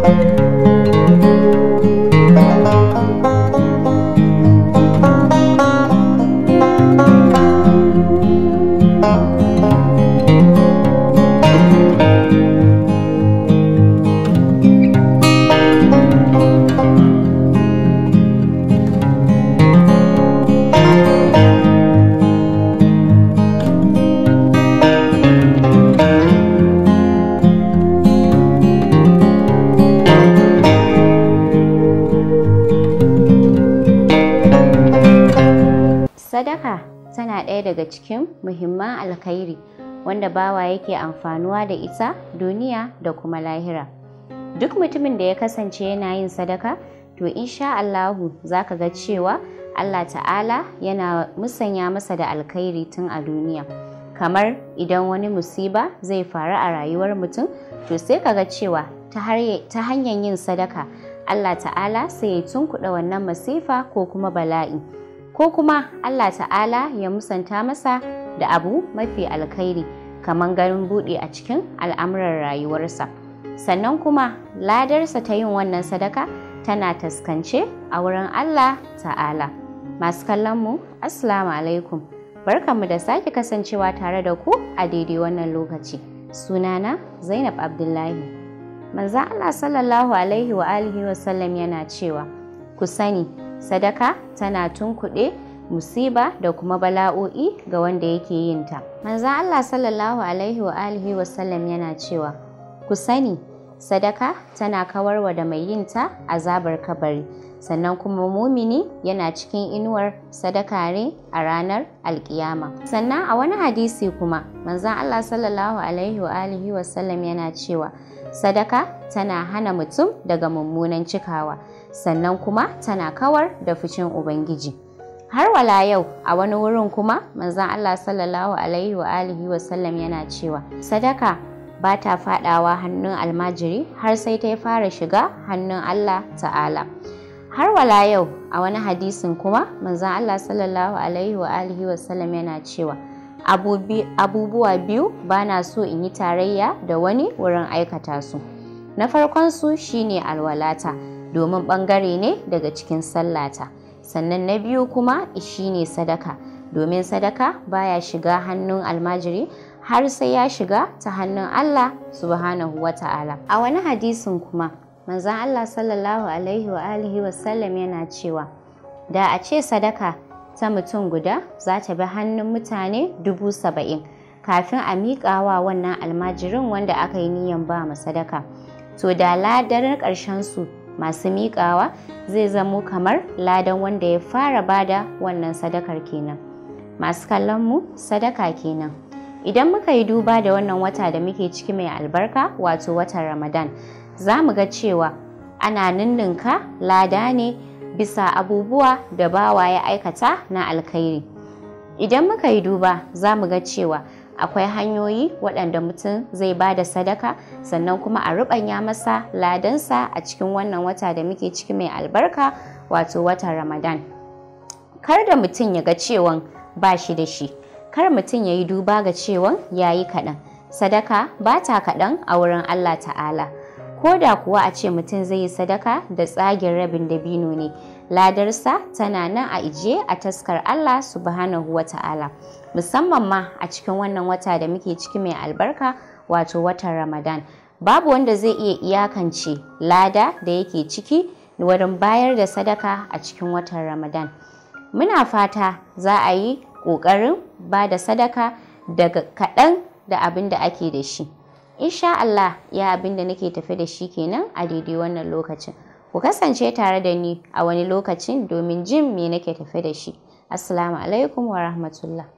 Thank you. daga cikin muhimman alkhairi wanda bawa yake amfanuwa da ita duniya da kuma lahira duk mutumin da ya kasance yana yin sadaka to insha Allahu ka ga cewa Allah ta'ala yana musanya masa da alkhairi tun a duniya kamar idan wani musiba zai faru a rayuwar mutum to sai ka ga cewa ta hanyar yin sadaka Allah ta'ala sai ya tunkuɗa wannan masifa ko kuma bala'i. ko kuma Allah ta'ala ya musanta masa da abu mafi alkhairi kamar ganin buɗe a cikin al'amuran rayuwarsa sannan kuma ladarsa ta yin wannan sadaka tana taskance a wurin Allah ta'ala masu kallonmu assalamu alaikum barkanmu da sake kasancewa tare da ku a daidai wannan lokaci sunana zainab abdullahi manzan Allah sallallahu alaihi wa alihi sallam yana cewa ku sani sadaka tana tunkuɗe musiba da kuma bala'o'i ga wanda yake yin ta manzan Allah sallallahu alaihi wa alihi yana cewa ku sani sadaka tana kawarwa da mai yin ta azabar kabari sannan kuma mumini yana cikin inuwar sadaka ne a ranar alkiyama sannan a wani hadisi kuma manza Allah sallallahu alaihi wa alihi yana cewa sadaka tana hana mutum daga mummunan cikawa sannan kuma tana kawar da ficin ubangiji har wala yau a wani wurin kuma manzan Allah sallallahu alaihi wa alihi wa sallam yana cewa sadaka ba ta fadawa hannun almajiri har sai ta fara shiga hannun Allah ta'ala har wala yau a wani hadisin kuma manzan Allah sallallahu alaihi wa alihi wa sallam yana cewa abubuwa biyu ba na so in yi tarayya da wani wurin aikata su na farkon su shine alwalata domin ɓangare ne daga cikin sallata sannan na biyu kuma ne sadaka domin sadaka baya shiga hannun almajiri har sai ya shiga ta hannun Allah subhanahu wa ta'ala a wani hadisin kuma manzan Allah sallallahu alaihi wa alihi wa yana cewa da a ce sadaka ta mutum guda za ta bi hannun mutane dubu saba'in kafin a miƙawa wannan almajirin wanda aka yi niyan ba sadaka to da ladar ƙarshen su masu miƙawa zai zamo kamar ladan wanda ya fara bada wannan sadakar kenan masu kallon mu sadaka kenan idan muka yi duba da wannan wata da muke ciki mai albarka wato watan ramadan za mu ga cewa ana ninninka lada ne bisa abubuwa da bawa ya aikata na alkhairi idan muka yi duba za mu ga cewa akwai hanyoyi waɗanda mutum zai ba da sadaka sannan kuma a ruɓanya masa ladansa a cikin wannan wata da muke ciki mai albarka wato watan ramadan kar da mutum ya ga cewan ba shi da shi kar mutum ya yi duba ga cewan ya yi kaɗan sadaka ba ta kaɗan a wurin allah ta'ala ko da kuwa a ce mutum zai yi sadaka da tsagin rabin dabino ne ladarsa tana nan a ijiye a taskar Allah subhanahu wa ta'ala musamman ma a cikin wannan wata da muke ciki mai albarka wato watan Ramadan babu wanda zai iya iyakance lada da yake ciki wurin bayar da sadaka a cikin watan Ramadan muna fata za a yi ƙoƙarin ba da sadaka daga kaɗan da abin da ake da shi insha Allah ya abin da nake tafi da shi kenan a daidai wannan lokacin Ku kasance tare da ni a wani lokacin domin jin me nake tafe da shi. Assalamu alaikum wa rahmatullah.